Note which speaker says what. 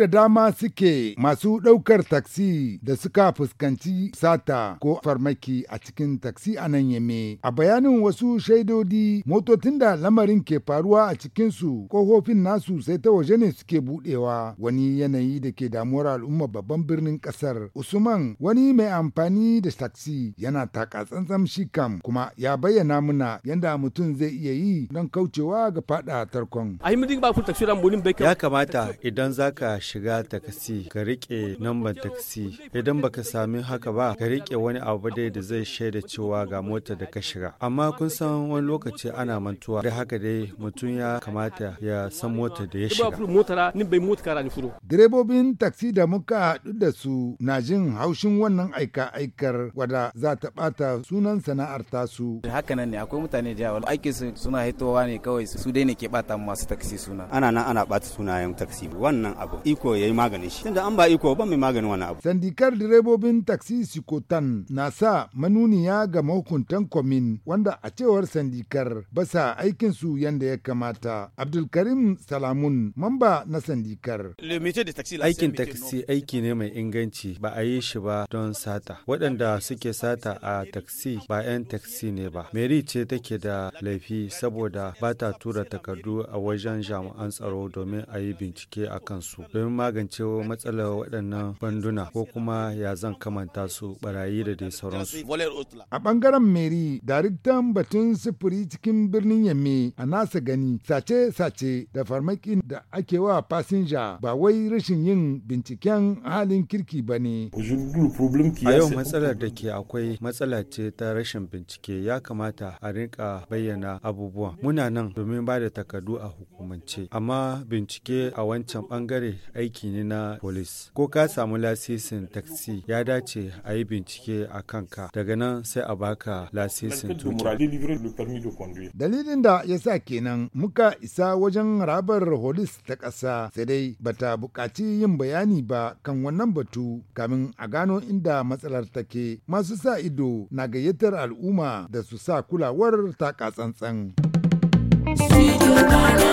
Speaker 1: da dama suke masu ɗaukar taksi da suka fuskanci sata ko farmaki a cikin taksi a nan yame. A bayanin wasu shaidodi motocin da lamarin ke faruwa a cikinsu kofofin nasu sai ta waje ne suke buɗewa wani yanayi da ke damuwar al'umma babban birnin ƙasar. Usman wani mai amfani da taksi yana taka tsantsan shi kam kuma ya bayyana muna yadda mutum zai iya yi don kaucewa ga faɗa tarkon.
Speaker 2: Ya kamata idan za shiga takasi ka rike namban takasi idan baka sami haka ba ka rike wani abu dai da zai shaida cewa ga mota da ka shiga amma kun san wani lokaci ana mantuwa da haka dai mutum ya kamata ya san mota da ya shiga direbobin
Speaker 1: taksi da muka haɗu da su na jin haushin wannan aika aikar wada za ta ɓata sunan sana'ar
Speaker 2: tasu haka nan ne akwai mutane da yawa aikin su suna hitowa ne kawai su dai ne ke ɓata masu taksi suna ana nan ana ɓata sunayen taksi wannan abu iko ya yi maganin shi tunda an ba iko ban mai maganin wani abu
Speaker 1: sandikar direbobin taksi sikotan na sa manuniya ga mahukuntan kwamin wanda a cewar sandikar ba sa aikin su yanda ya kamata abdulkarim salamun mamba na sandikar
Speaker 2: aikin taksi aiki ne mai inganci ba a yi shi ba don sata waɗanda suke sata a taksi ba 'yan taksi ne ba mary ce take da laifi saboda ba ta tura takardu a wajen jami'an tsaro domin a yi bincike a kansu domin magance matsalar waɗannan banduna ko kuma ya zan kamanta su barayi da dai sauransu. A ɓangaren Meri,
Speaker 1: daraktan batun sufuri cikin birnin Yamme a nasa gani sace-sace da farmakin da ake wa fasinja ba wai rashin yin binciken halin kirki ba ne. A yau matsalar
Speaker 2: da ke akwai matsala ce ta rashin bincike ya kamata a rinka bayyana abubuwan. Muna nan domin ba da takardu a hukumance, amma bincike a wancan bangare aiki ne na polis ko ka samu lasisin taksi ya dace a yi bincike a kanka daga nan sai a baka lasisin
Speaker 1: dalilin da ya sa kenan muka isa wajen rabar holis ta ƙasa sai dai bata buƙaci yin bayani ba kan wannan batu kamin a gano inda matsalar take masu sa ido na gayyatar al'umma da su sa kulawar taka tsantsan.
Speaker 2: Studio